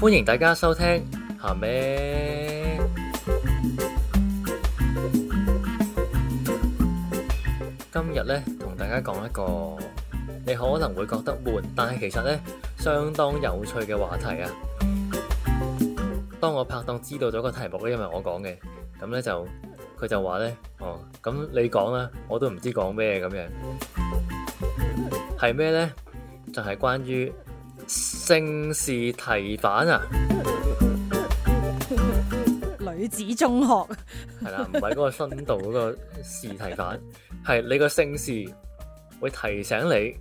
歡迎大家收聽咸咩？今日咧同大家講一個你可能會覺得悶，但係其實咧相當有趣嘅話題啊！當我拍檔知道咗個題目咧，因為我講嘅，咁咧就佢就話咧，哦，咁你講啦，我都唔知講咩咁樣，係咩咧？就係關於。姓氏提返啊，女子中學係啦，唔係嗰個深度嗰個試題反，係 你個姓氏會提醒你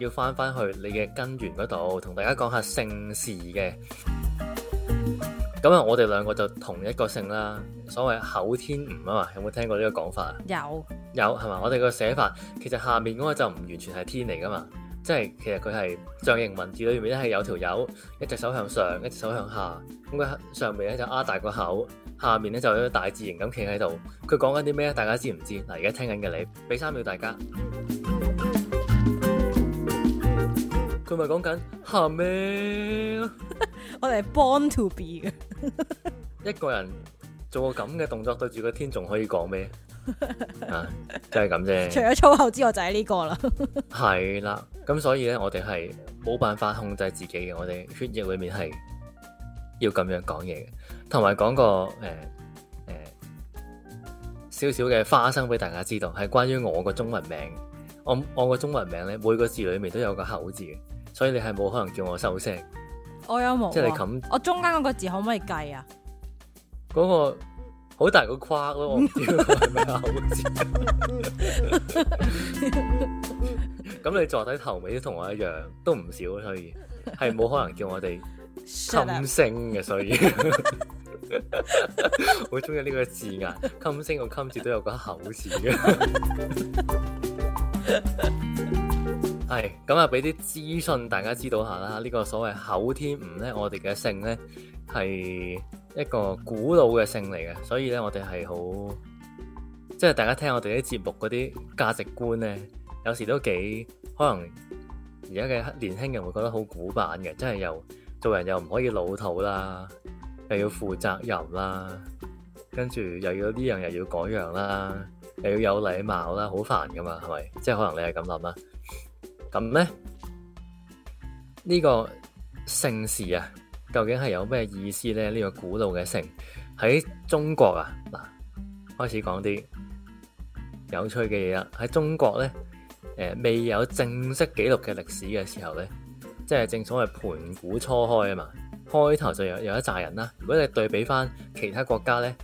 要翻翻去你嘅根源嗰度，同大家講下姓氏嘅。咁啊，我哋兩個就同一個姓啦，所謂口天吳啊嘛，有冇聽過呢個講法啊？有有係嘛，我哋個寫法其實下面嗰個就唔完全係天嚟噶嘛。即係其實佢係象形文字裏面咧，係有條友一隻手向上一隻手向下，咁佢上面咧就啊大個口，下面咧就大字型咁企喺度。佢講緊啲咩？大家知唔知？嗱，而家聽緊嘅你俾三秒大家。佢咪講緊嚇咩？我哋係 born to be 嘅一個人，做個咁嘅動作對住個天仲可以講咩？ 啊，就係咁啫。除咗粗口之外，就係、是、呢個啦。係 啦，咁所以咧，我哋係冇辦法控制自己嘅。我哋血液裏面係要咁樣講嘢嘅，同埋講個誒誒，少少嘅花生俾大家知道，係關於我個中文名。我我個中文名咧，每個字裏面都有個口字嘅，所以你係冇可能叫我收聲。我有冇？即係你咁，我中間嗰個字可唔可以計啊？嗰、那個。好大個框，咯我唔知係咪口字。咁 你坐低頭尾都同我一樣，都唔少，所以係冇可能叫我哋噤聲嘅，所以好中意呢個字眼。噤聲個噤字都有個口字。 係咁啊！俾啲資訊大家知道下啦。呢個所謂口天吳咧，我哋嘅姓咧係一個古老嘅姓嚟嘅，所以咧我哋係好即係大家聽我哋啲節目嗰啲價值觀咧，有時都幾可能而家嘅年輕人會覺得好古板嘅，真係又做人又唔可以老土啦，又要負責任啦，跟住又要呢樣又要嗰樣啦，又要有禮貌啦，好煩噶嘛，係咪？即係可能你係咁諗啦。咁咧、嗯、呢、這個姓氏啊，究竟係有咩意思咧？呢、這個古老嘅姓喺中國啊，嗱，開始講啲有趣嘅嘢啦。喺中國咧，誒、呃、未有正式記錄嘅歷史嘅時候咧，即係正所謂盤古初開啊嘛，開頭就有有一紮人啦。如果你對比翻其他國家咧，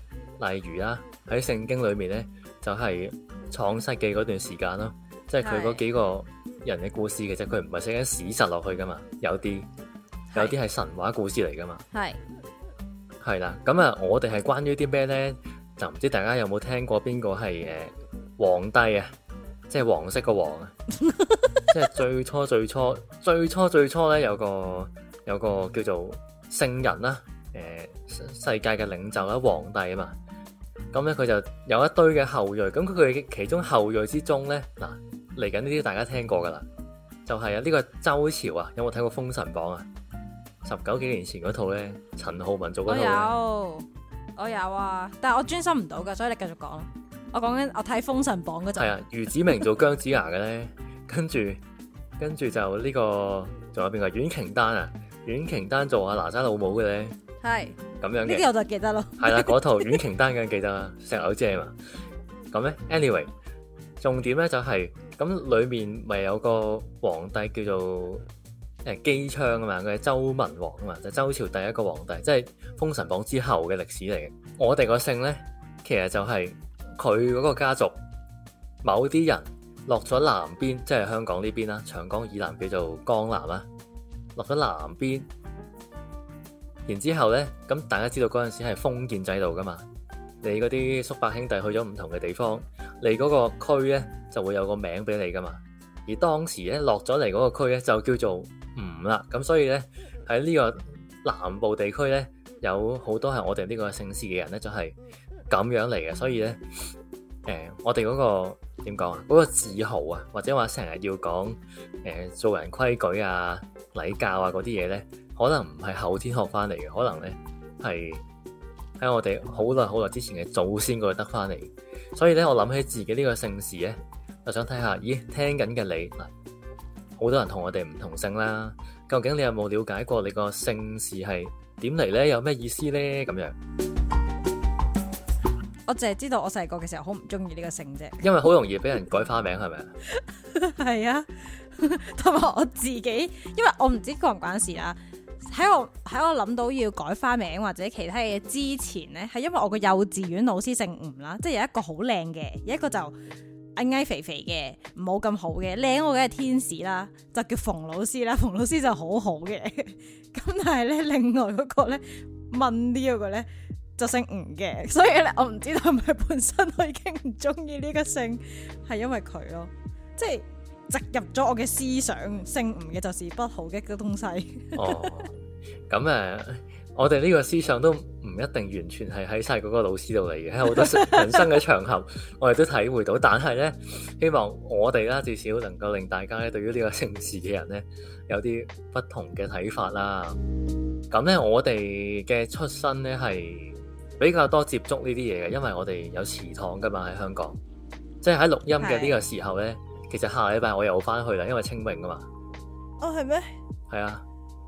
例如啦，喺聖經裏面咧，就係、是、創世紀嘅嗰段時間咯，即係佢嗰幾個。人嘅故事其實佢唔係寫緊史實落去噶嘛，有啲有啲係神話故事嚟噶嘛，係係啦，咁啊，那我哋係關於啲咩咧？就唔知大家有冇聽過邊個係誒黃帝啊？即、就、係、是、黃色嘅黃啊！即係 最初最初最初最初咧，有個有個叫做聖人啦、啊，誒世界嘅領袖啦、啊，皇帝啊嘛。咁咧佢就有一堆嘅後裔，咁佢佢其中後裔之中咧嗱。嚟緊呢啲大家聽過噶啦，就係啊呢個周朝啊，有冇睇過《封神榜》啊？十九幾年前嗰套咧，陳浩民做嗰套咧，我有，我有啊，但係我專心唔到噶，所以你繼續講咯。我講緊我睇《封神榜》嗰陣，係啊，余子明做姜子牙嘅咧， 跟住跟住就呢個仲有邊個？阮瓊丹啊，阮瓊丹做阿哪吒老母嘅咧，係咁是樣嘅。呢啲我就記得咯。係啦、啊，嗰套阮瓊丹梗係記得啦， 石榴姐啊。咁咧，anyway，重點咧就係、是。咁裏面咪有個皇帝叫做誒、呃、姬昌啊嘛，佢係周文王啊嘛，就周朝第一個皇帝，即係封神榜之後嘅歷史嚟嘅。我哋個姓咧，其實就係佢嗰個家族某啲人落咗南邊，即係香港呢邊啦、啊，長江以南叫做江南啊。落咗南邊，然之後咧，咁大家知道嗰陣時係封建制度噶嘛，你嗰啲叔伯兄弟去咗唔同嘅地方。嚟嗰個區咧就會有個名俾你噶嘛，而當時咧落咗嚟嗰個區咧就叫做吳啦，咁所以咧喺呢個南部地區咧有好多係我哋呢個姓氏嘅人咧就係、是、咁樣嚟嘅，所以咧誒、呃、我哋嗰、那個點講啊，嗰個自豪啊，或者話成日要講誒、呃、做人規矩啊、禮教啊嗰啲嘢咧，可能唔係後天學翻嚟嘅，可能咧係喺我哋好耐好耐之前嘅祖先嗰度得翻嚟。所以咧，我諗起自己呢個姓氏咧，就想睇下，咦，聽緊嘅你，好多人同我哋唔同姓啦。究竟你有冇了解過你個姓氏係點嚟咧？有咩意思咧？咁樣，我淨係知道我細個嘅時候好唔中意呢個姓啫。因為好容易俾人改花名係咪 吧啊？係啊，同埋我自己，因為我唔知道人關唔關事啊。喺我喺我諗到要改花名或者其他嘢之前咧，係因為我個幼稚園老師姓吳啦，即係有一個好靚嘅，有一個就矮矮肥肥嘅，唔好咁好嘅，靚我嘅天使啦，就叫馮老師啦，馮老師就好好嘅，咁但係咧，另外嗰個咧，問啲嗰個咧就姓吳嘅，所以咧我唔知道係咪本身我已經唔中意呢個姓係因為佢咯，即係。植入咗我嘅思想，姓吳嘅就是不好嘅嘅東西。哦，咁誒，我哋呢個思想都唔一定完全係喺晒嗰個老師度嚟嘅，喺好多人生嘅場合，我哋都體會到。 但係咧，希望我哋啦，至少能夠令大家咧，對於呢個姓氏嘅人咧，有啲不同嘅睇法啦。咁咧，我哋嘅出身咧係比較多接觸呢啲嘢嘅，因為我哋有祠堂噶嘛喺香港，即係喺錄音嘅呢個時候咧。其實下禮拜我又翻去啦，因為清明啊嘛。哦、oh,，係咩？係啊，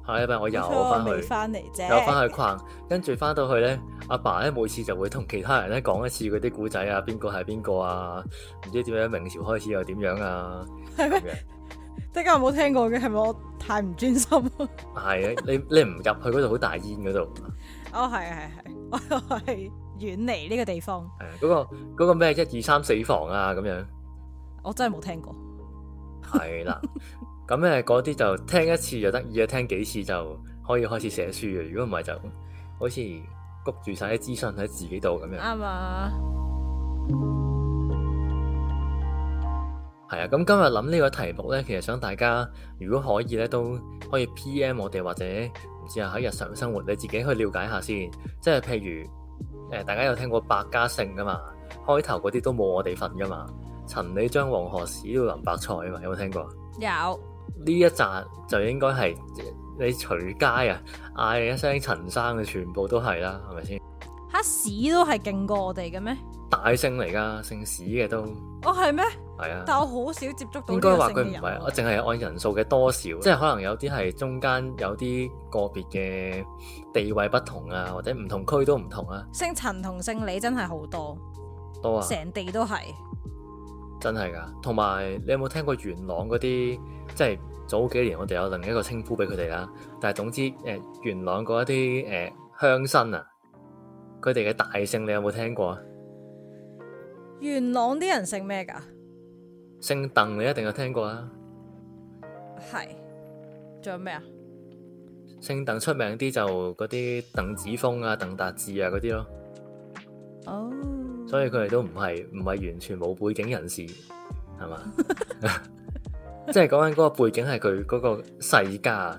下禮拜我又翻去。翻嚟啫。又翻 去逛，跟住翻到去咧，阿爸咧每次就會同其他人咧講一次嗰啲古仔啊，邊個係邊個啊，唔知點樣明朝開始又點樣啊。係咩嗎？即係有冇聽過嘅，係咪我太唔專心啊？係 啊，你你唔入去嗰度好大煙嗰度。哦、oh,，係啊係啊係，我係遠離呢個地方。係嗰、啊嗰個、嗰個咩一二三四房啊咁樣。我真係冇聽過。對了。係啦，咁咧嗰啲就聽一次就得意，聽幾次就可以開始寫書、嗯、啊！如果唔係，就好似谷住晒啲資訊喺自己度咁樣。啱啊。係啊，咁今日諗呢個題目呢，其實想大家如果可以呢，都可以 PM 我哋或者唔知係喺日常生活你自己去了解一下先。即係譬如誒，大家有聽過百家姓噶嘛？開頭嗰啲都冇我哋份噶嘛？陳李張黃何屎到淋白菜啊嘛，有冇聽過？有，呢一集就應該係你隨街啊，嗌你一聲陳生嘅，全部都係啦，係咪先？吓？史都係勁過我哋嘅咩？大姓嚟㗎，姓史嘅都。哦，係咩？係啊，但我好少接觸到說他不。應該話佢唔係，我淨係按人數嘅多少，即係可能有啲係中間有啲個別嘅地位不同啊，或者唔同區都唔同啊。姓陳同姓李真係好多，多啊，成地都係。真係噶，同埋你有冇聽過元朗嗰啲，即係早幾年我哋有另一個稱呼俾佢哋啦。但係總之，誒、呃，元朗嗰一啲誒鄉紳啊，佢哋嘅大姓你有冇聽過啊？元朗啲人姓咩噶？姓鄧你一定有聽過啊？係，仲有咩啊？姓鄧出名啲就嗰啲鄧梓峰啊、鄧達智啊嗰啲咯。哦。Oh. 所以佢哋都唔係唔係完全冇背景人士，係嘛？即係講緊嗰個背景係佢嗰個世家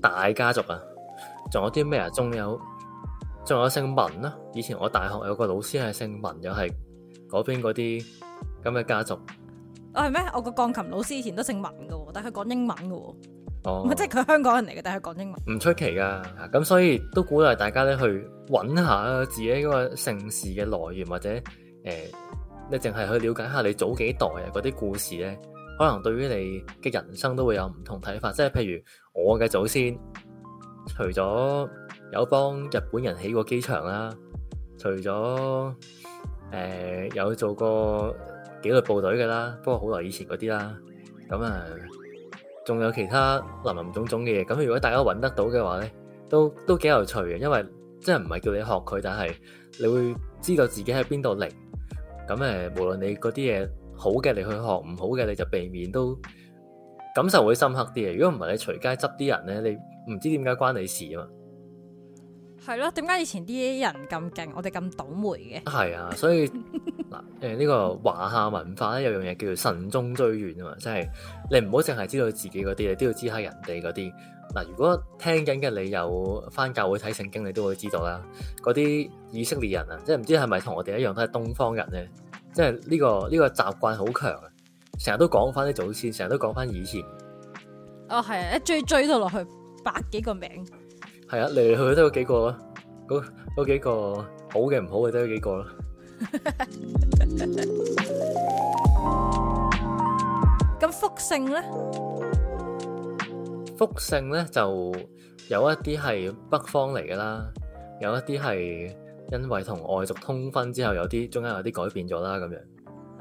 大家族啊，仲有啲咩啊？仲有仲有姓文啊。以前我大學有個老師係姓文，又係嗰邊嗰啲咁嘅家族。啊，係咩？我個鋼琴老師以前都姓文㗎，但係佢講英文㗎。哦，即係佢香港人嚟嘅，但係佢講英文。唔出奇噶，咁所以都鼓勵大家咧去揾下自己嗰個姓氏嘅來源，或者誒、呃，你淨係去了解下你早幾代啊嗰啲故事咧，可能對於你嘅人生都會有唔同睇法。即係譬如我嘅祖先，除咗有幫日本人起過機場啦，除咗誒、呃、有做過紀律部隊嘅啦，不過好耐以前嗰啲啦，咁、嗯、啊。仲有其他林林總總嘅嘢，咁如果大家揾得到嘅話咧，都都幾有趣嘅，因為即係唔係叫你學佢，但係你會知道自己喺邊度嚟。咁誒，無論你嗰啲嘢好嘅你去學，唔好嘅你就避免，都感受會深刻啲嘅。如果唔係你隨街執啲人咧，你唔知點解關你事啊嘛。係咯，點解以前啲人咁勁，我哋咁倒霉嘅？係啊，所以嗱，誒呢、 個華夏文化咧有樣嘢叫做慎終追遠啊嘛，即係你唔好淨係知道自己嗰啲，你都要知下人哋嗰啲。嗱，如果聽緊嘅你有翻教會睇聖經，你都會知道啦。嗰啲以色列人啊，即係唔知係咪同我哋一樣都係東方人咧？即係呢個呢、個習慣好強啊，成日都講翻啲祖先，成日都講翻以前。哦，係啊，一追追到落去百幾個名。係啊，嚟嚟去去都有幾個咯，嗰幾個好嘅唔好嘅都有幾個咯。咁複 姓咧？複姓咧就有一啲係北方嚟噶啦，有一啲係因為同外族通婚之後有啲中間有啲改變咗啦，咁樣。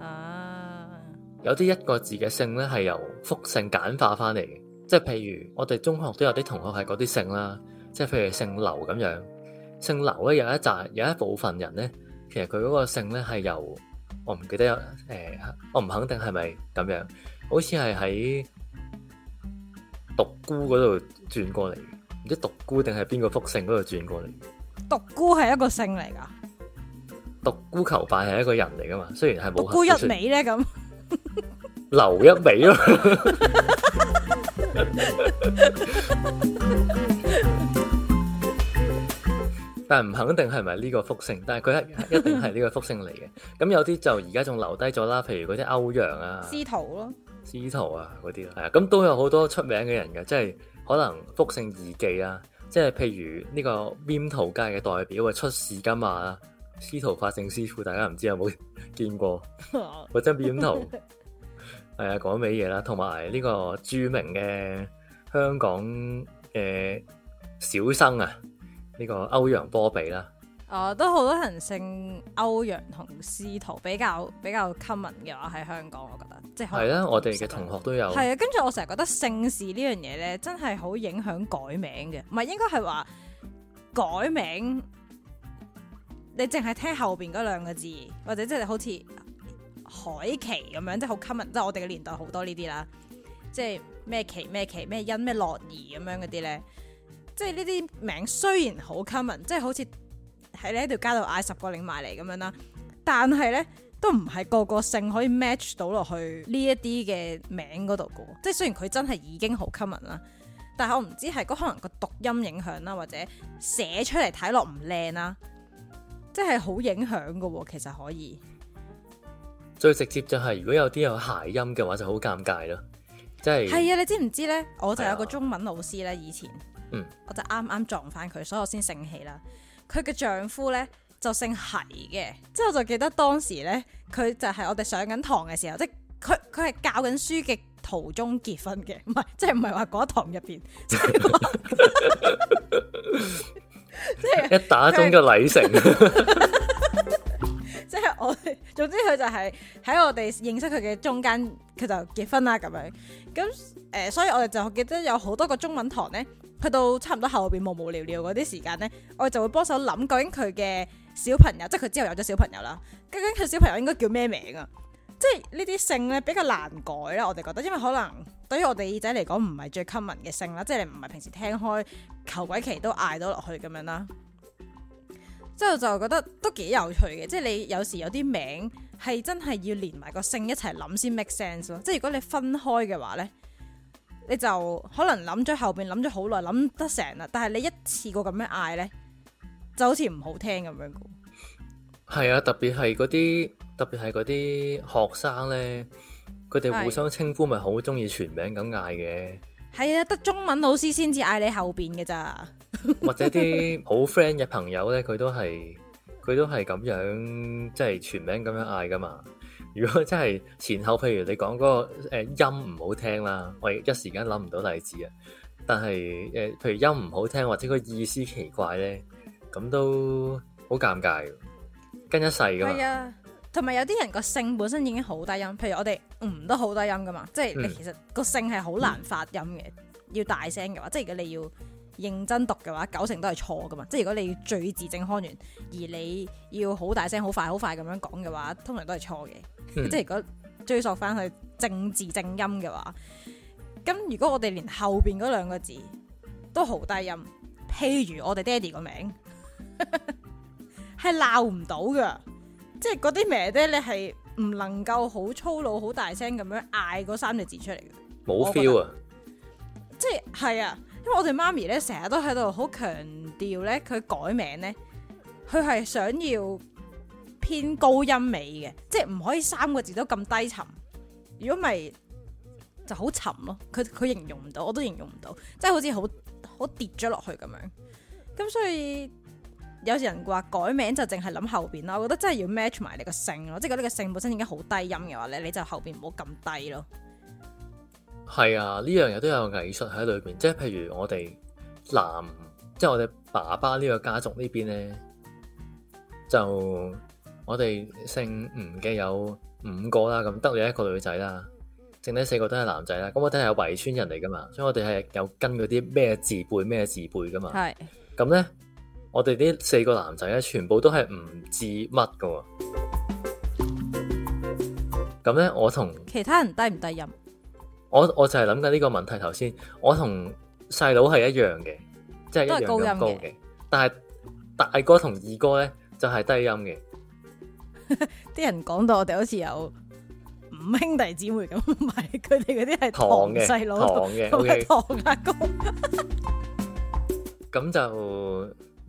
啊！Ah. 有啲一,一個字嘅姓咧係由複姓簡化翻嚟嘅，即係譬如我哋中學都有啲同學係嗰啲姓啦。即係譬如姓劉咁樣，姓劉咧有一紮有一部分人咧，其實佢嗰個姓咧係由我唔記得有，誒，我唔肯定係咪咁樣，好似係喺獨孤嗰度轉過嚟，唔知獨孤定係邊個複姓嗰度轉過嚟。獨孤係一個姓嚟噶，獨孤求敗係一個人嚟噶嘛？雖然係冇。獨孤一味咧咁，劉一味咯。但唔肯定係咪呢個複姓，但係佢係一定係呢個複姓嚟嘅。咁有啲就而家仲留低咗啦，譬如嗰啲歐陽啊、司徒咯、啊、司徒啊嗰啲，係啊，咁都有好多出名嘅人嘅，即係可能複姓二記啊，即係譬如呢個扁頭界嘅代表啊，出事㗎嘛，司徒法正師傅，大家唔知道有冇 見過，或者扁頭係啊，講尾嘢啦，同埋呢個著名嘅香港誒、呃、小生啊。呢個歐陽波比啦，啊，都好多人姓歐陽同司徒，比較比較 common 嘅話喺香港，我覺得即係。係啦，我哋嘅同學都有。係啊，跟住我成日覺得姓氏呢樣嘢咧，真係好影響改名嘅。唔係應該係話改名，你淨係聽後邊嗰兩個字，或者即係好似海琪咁樣，即係好 common。即係我哋嘅年代好多呢啲啦，即係咩奇咩奇咩欣咩樂兒咁樣嗰啲咧。即係呢啲名雖然好 common，即係好似喺你喺條街度嗌十個領埋嚟咁樣啦，但係咧都唔係個個姓可以 match 到落去呢一啲嘅名嗰度嘅。即係雖然佢真係已經好 common 啦，但係我唔知係嗰可能個讀音影響啦，或者寫出嚟睇落唔靚啦，即係好影響嘅。其實可以最直接就係、是，如果有啲有諧音嘅話就好尷尬咯。即係係啊，你知唔知咧？我就有個中文老師咧，啊、以前。我就啱啱撞翻佢，所以我先醒起啦。佢嘅丈夫咧就姓奚嘅，之後就記得當時咧，佢就係我哋上緊堂嘅時候，即係佢佢係教緊書嘅途中結婚嘅，唔係即係唔係話嗰堂入邊，即係一打鐘就禮成 即。即係我總之佢就係喺我哋認識佢嘅中間，佢就結婚啦咁樣。咁誒，所以我哋就記得有好多個中文堂咧。去到差唔多後邊無無聊聊嗰啲時間呢，我哋就會幫手諗究竟佢嘅小朋友，即係佢之後有咗小朋友啦，究竟佢小朋友應該叫咩名啊？即係呢啲姓呢比較難改啦，我哋覺得，因為可能對於我哋耳仔嚟講唔係最 common 嘅姓啦，即係你唔係平時聽開求鬼奇都嗌到落去咁樣啦。之後就覺得都幾有趣嘅，即係你有時有啲名係真係要連埋個姓一齊諗先 make sense 咯。即係如果你分開嘅話呢。你就可能諗咗後邊諗咗好耐諗得成啦，但係你一次過咁樣嗌咧，就好似唔好聽咁樣噶。係啊，特別係嗰啲特別係嗰啲學生咧，佢哋互相稱呼咪好中意全名咁嗌嘅。係啊，得中文老師先至嗌你後邊嘅咋。 或者啲好 friend 嘅朋友咧，佢都係佢都係咁樣，即係全名咁樣嗌噶嘛。如果真係前後，譬如你講嗰個誒音唔好聽啦，我一時間諗唔到例子啊。但係誒，譬如音唔好聽或者個意思奇怪咧，咁都好尷尬嘅，跟一世噶，係啊，同埋有啲人個聲本身已經好低音，譬如我哋唔得好低音噶嘛，即係、嗯、你其實個聲係好難發音嘅，嗯、要大聲嘅話，即係如果你要。認真讀嘅話，九成都係錯噶嘛。即係如果你要「字正腔圓，而你要好大聲、好快、好快咁樣講嘅話，通常都係錯嘅。嗯、即係如果追溯翻去正字，正音嘅話，咁如果我哋連後邊嗰兩個字都好低音，譬如我哋爹哋個名，係鬧唔到噶。即係嗰啲咩咧，你係唔能夠好粗魯、好大聲咁樣嗌嗰三個字出嚟嘅。冇 feel 啊，啊！即係係啊！因為我哋媽咪咧，成日都喺度好強調咧，佢改名咧，佢係想要偏高音尾嘅，即係唔可以三個字都咁低沉。如果咪就好沉咯，佢佢形容唔到，我都形容唔到，即係好似好好跌咗落去咁樣。咁所以有時人話改名就淨係諗後邊啦，我覺得真係要 match 埋你個姓咯，即係如果你個姓本身已經好低音嘅話咧，你就後邊唔好咁低咯。係啊，呢樣嘢都有藝術喺裏邊，即係譬如我哋男，即係我哋爸爸呢個家族這邊呢邊咧，就我哋姓吳嘅有五個啦，咁得你一個女仔啦，剩低四個都係男仔啦。咁我哋係圍村人嚟噶嘛，所以我哋係有跟嗰啲咩字輩咩字輩噶嘛。係咁咧，我哋啲四個男仔咧，全部都係唔字乜噶。咁咧，我同其他人低唔低人？我我就係諗緊呢個問題，頭先我同細佬係一樣嘅，即係一樣高音嘅，但係大哥同二哥咧就係、是、低音嘅。啲 人講到我哋好似有五兄弟姊妹咁，唔係佢哋嗰啲係堂細佬、堂嘅、堂阿哥。咁 Okay. 就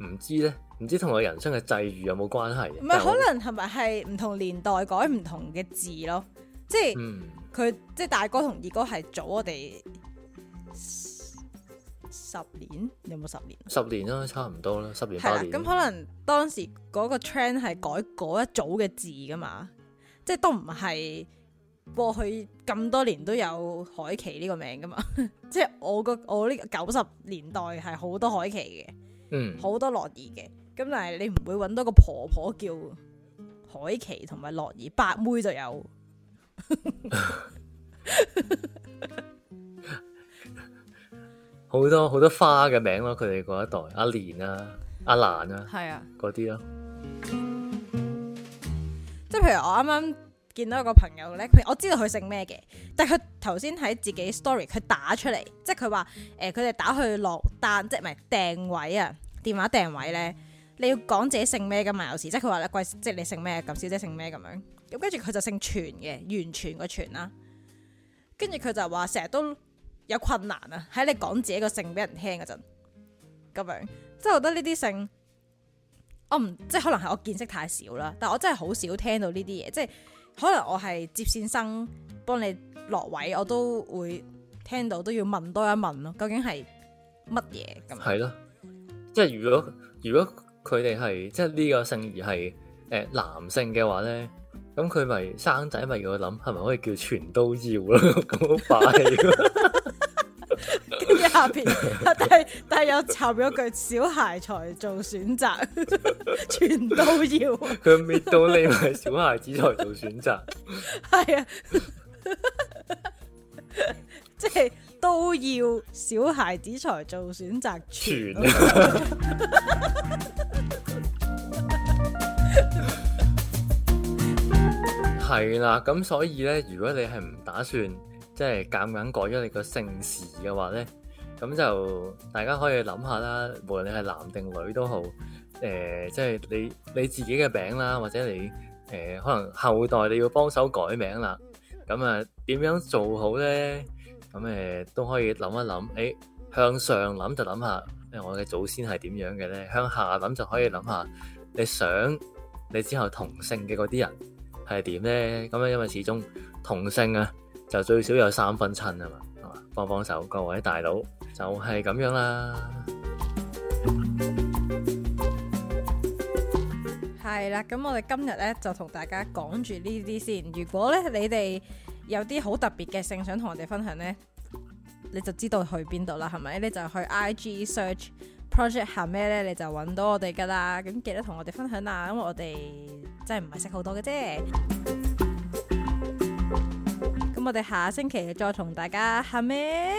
唔知咧，唔知同我人生嘅際遇有冇關係啊？唔係，可能係咪係唔同年代改唔同嘅字咯？即係、嗯。佢即係大哥同二哥係早我哋十年，有冇十年？十年啦，差唔多啦，十年八年。咁可能當時嗰個 trend 係改嗰一組嘅字噶嘛，即係都唔係過去咁多年都有海琪呢個名噶嘛，即係我個我呢九十年代係好多海琪嘅，嗯，好多樂兒嘅，咁但係你唔會搵到個婆婆叫海琪同埋樂兒，八妹就有。好多好多花嘅名咯，佢哋嗰一代阿蓮啊，阿蘭啊，係啊，嗰啲咯。即係譬如我啱啱見到一個朋友咧，譬如我知道佢姓咩嘅，但係佢頭先喺自己 story，佢打出嚟，即係佢話誒，佢、呃、哋打去落單，即係唔係訂位啊，電話訂位咧，你要講自己姓咩噶嘛，有時即係佢話咧，貴即係你姓咩咁，小姐姓咩咁樣。咁跟住佢就姓全嘅，完全個全啦。跟住佢就話成日都有困難啊，喺你講自己個姓俾人聽嗰陣，咁樣，即係我覺得呢啲姓，我唔即係可能係我見識太少啦，但係我真係好少聽到呢啲嘢，即係可能我係接線生幫你落位，我都會聽到都要問多一問咯，究竟係乜嘢咁？係咯，即係如果如果佢哋係即係呢個姓而係誒、呃、男性嘅話咧？咁佢咪生仔咪要我諗，係咪可以叫全都要啦？咁好霸氣！跟住 下邊，但係但係有插咗句：小孩才做選擇， 全都要。佢滅到你，係小孩子才做選擇。係 是啊，即 係都要小孩子才做選擇，全。 係啦，咁所以咧，如果你係唔打算即係夾硬改咗你個姓氏嘅話咧，咁就大家可以諗下啦。無論你係男定女都好，誒，即係你你自己嘅名啦，或者你誒可能後代你要幫手改名啦。咁啊，點樣做好咧？咁誒都可以諗一諗。誒，向上諗就諗下誒，我嘅祖先係點樣嘅咧？向下諗就可以諗下你想你之後同姓嘅嗰啲人。係點呢？咁樣因為始終同姓啊，就最少有三分親啊嘛，係嘛，幫幫手，各位大佬就係咁樣啦。係啦，咁我哋今日呢，就同大家講住呢啲先。如果呢，你哋有啲好特別嘅姓想同我哋分享呢，你就知道去邊度啦，係咪？你就去 IG search。project 行咩咧，你就揾到我哋㗎喇，咁記得同我哋分享啊，因為我哋真係唔係識好多嘅啫。咁 我哋下星期再同大家下咩？